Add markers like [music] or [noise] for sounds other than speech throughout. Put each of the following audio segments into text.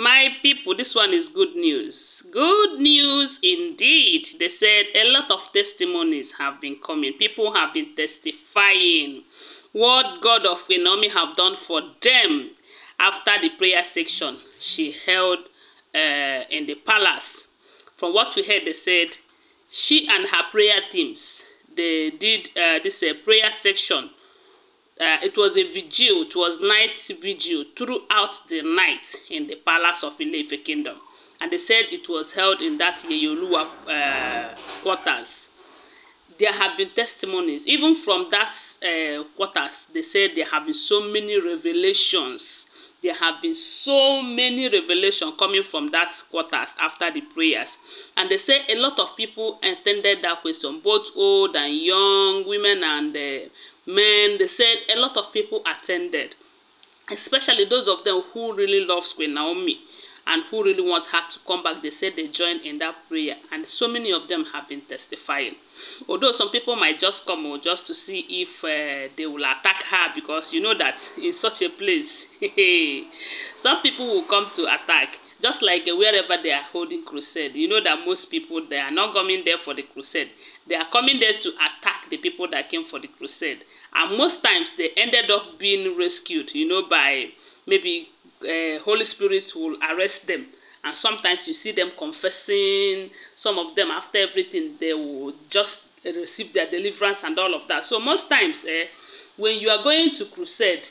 My people, this one is good news. Good news indeed. They said a lot of testimonies have been coming. People have been testifying what God of Queen have done for them after the prayer section she held uh, in the palace. From what we heard, they said she and her prayer teams, they did uh, this uh, prayer section uh, it was a vigil, it was night vigil throughout the night in the palace of Ilefe kingdom. And they said it was held in that Yeyoluwa uh, quarters. There have been testimonies, even from that uh, quarters, they said there have been so many revelations. There have been so many revelations coming from that quarters after the prayers. And they say a lot of people attended that question, both old and young, women and uh, men, they said a lot of people attended, especially those of them who really love Queen Naomi and who really want her to come back. They said they joined in that prayer, and so many of them have been testifying. Although some people might just come or just to see if uh, they will attack her because you know that in such a place, [laughs] some people will come to attack. Just like wherever they are holding crusade, you know that most people, they are not coming there for the crusade. They are coming there to attack the people that came for the crusade. And most times, they ended up being rescued, you know, by maybe uh, Holy Spirit will arrest them. And sometimes you see them confessing. Some of them, after everything, they will just receive their deliverance and all of that. So most times, uh, when you are going to crusade,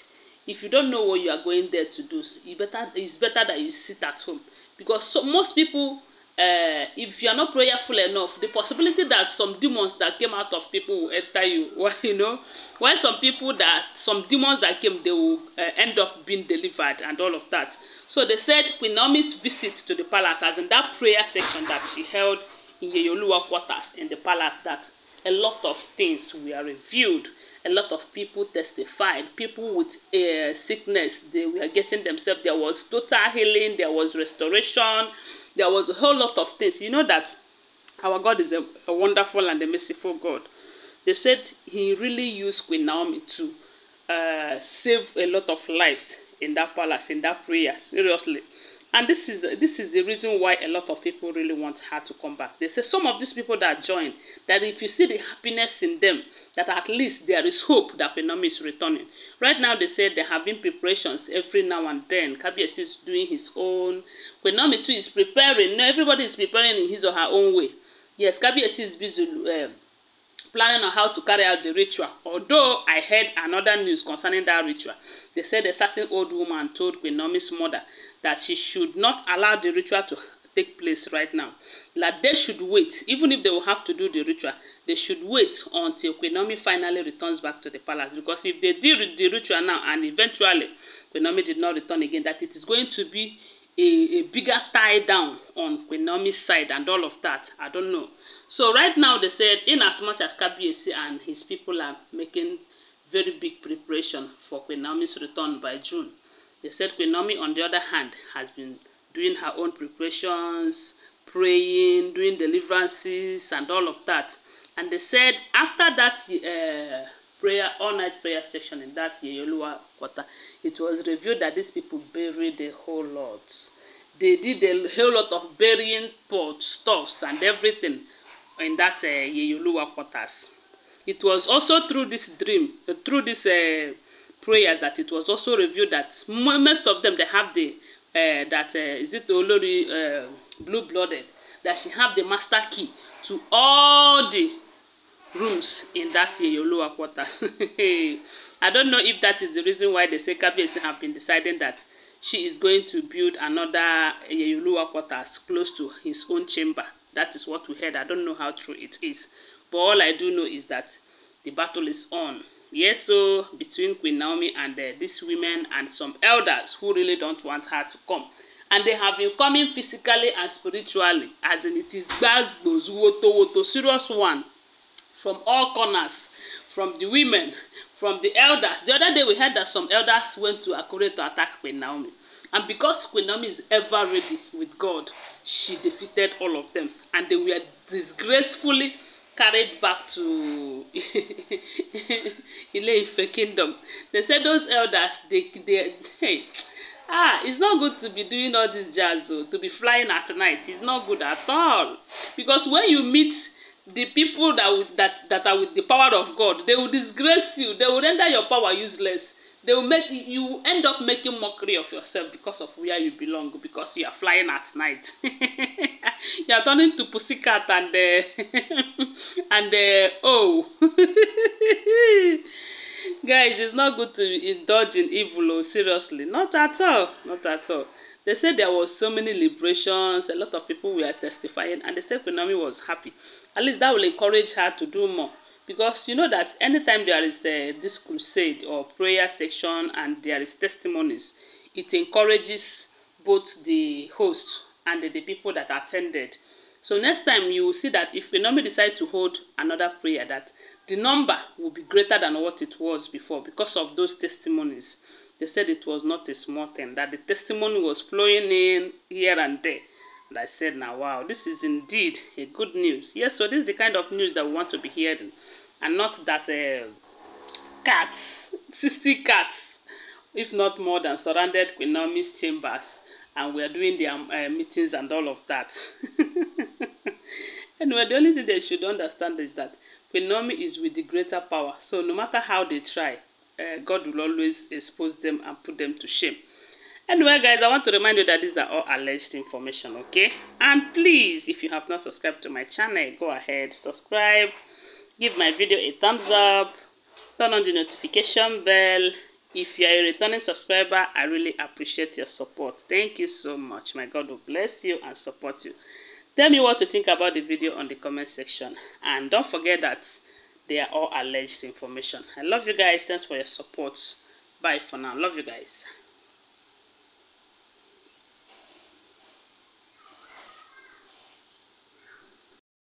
if you don't know what you are going there to do you better it's better that you sit at home because so most people uh, if you are not prayerful enough the possibility that some demons that came out of people will enter you [laughs] well, you know while some people that some demons that came they will uh, end up being delivered and all of that so they said Queen Naomi's visit to the palace as in that prayer section that she held in Yeyoluwa quarters in the palace that a lot of things were revealed a lot of people testified people with uh, sickness they were getting themselves there was total healing there was restoration there was a whole lot of things you know that our god is a, a wonderful and a merciful god they said he really used queen naomi to uh, save a lot of lives in that palace in that prayer seriously And this is this is the reason why a lot of people really want her to come back. They say some of these people that join, that if you see the happiness in them, that at least there is hope that Phenom is returning. Right now they say there have been preparations every now and then. Kabiesi is doing his own. Phenom too is preparing. Now Everybody is preparing in his or her own way. Yes, Kabiesi is busy. Uh, planning on how to carry out the ritual. Although I heard another news concerning that ritual. They said a certain old woman told Kwenomi's mother that she should not allow the ritual to take place right now. That they should wait, even if they will have to do the ritual, they should wait until Kwenomi finally returns back to the palace. Because if they do the ritual now and eventually Kwenomi did not return again, that it is going to be a, a bigger tie down on Queen side and all of that. I don't know. So right now they said in as much as KBC and his people are making very big preparation for Queen return by June. They said Queen on the other hand, has been doing her own preparations, praying, doing deliverances and all of that. And they said after that uh, prayer all night prayer session in that Yeyoluwa quarter, it was revealed that these people buried a whole lot. They did a whole lot of burying pot stuffs and everything in that uh, Yeyoluwa quarters. It was also through this dream, uh, through this uh, prayers, that it was also revealed that most of them they have the uh, that uh, is it Olori uh, blue blooded that she have the master key to all the rooms in that Yeyoloa quarter. [laughs] I don't know if that is the reason why the say Kabiyesi have been deciding that she is going to build another Yeyoloa eh, quarters close to his own chamber. That is what we heard. I don't know how true it is. But all I do know is that the battle is on. Yes, so between Queen Naomi and uh, these women and some elders who really don't want her to come. And they have been coming physically and spiritually, as in it is gbaz, gboz, woto, woto, serious one from all corners, from the women, from the elders. The other day we heard that some elders went to Akure to attack Queen Naomi. And because Queen Naomi is ever ready with God, she defeated all of them. And they were disgracefully carried back to [laughs] Ile-Ife kingdom. They said those elders, they, they, hey, ah it's not good to be doing all this jazz o oh, to be flying at night it's not good at all because when you meet the people that, that, that are with the power of God, they will disgrace you. They will render your power useless. They will make you end up making mockery of yourself because of where you belong, because you are flying at night. [laughs] you are turning to pussycat and uh, [laughs] and uh, oh, [laughs] guys, it's not good to indulge in evil. Oh, seriously, not at all, not at all. They said there was so many liberations, a lot of people were testifying, and they said Queen was happy. At least that will encourage her to do more. Because you know that anytime there is uh, this crusade or prayer section and there is testimonies, it encourages both the host and the, the people that attended. So next time you will see that if Queen Naomi decide to hold another prayer, that the number will be greater than what it was before because of those testimonies. They said it was not a small thing, that the testimony was flowing in here and there. And I said, now, wow, this is indeed a good news. Yes, so this is the kind of news that we want to be hearing. And not that uh, cats, 60 [laughs] cats, if not more than, surrounded Queen Naomi's chambers. And we are doing their um, uh, meetings and all of that. [laughs] anyway, the only thing they should understand is that Queen Naomi is with the greater power. So no matter how they try, uh, God will always expose them and put them to shame. Anyway, guys, I want to remind you that these are all alleged information, okay? And please, if you have not subscribed to my channel, go ahead, subscribe, give my video a thumbs up, turn on the notification bell. If you are a returning subscriber, I really appreciate your support. Thank you so much. My God will bless you and support you. Tell me what you think about the video on the comment section. And don't forget that They are all alleged information. I love you guys. Thanks for your support. Bye for now. Love you guys.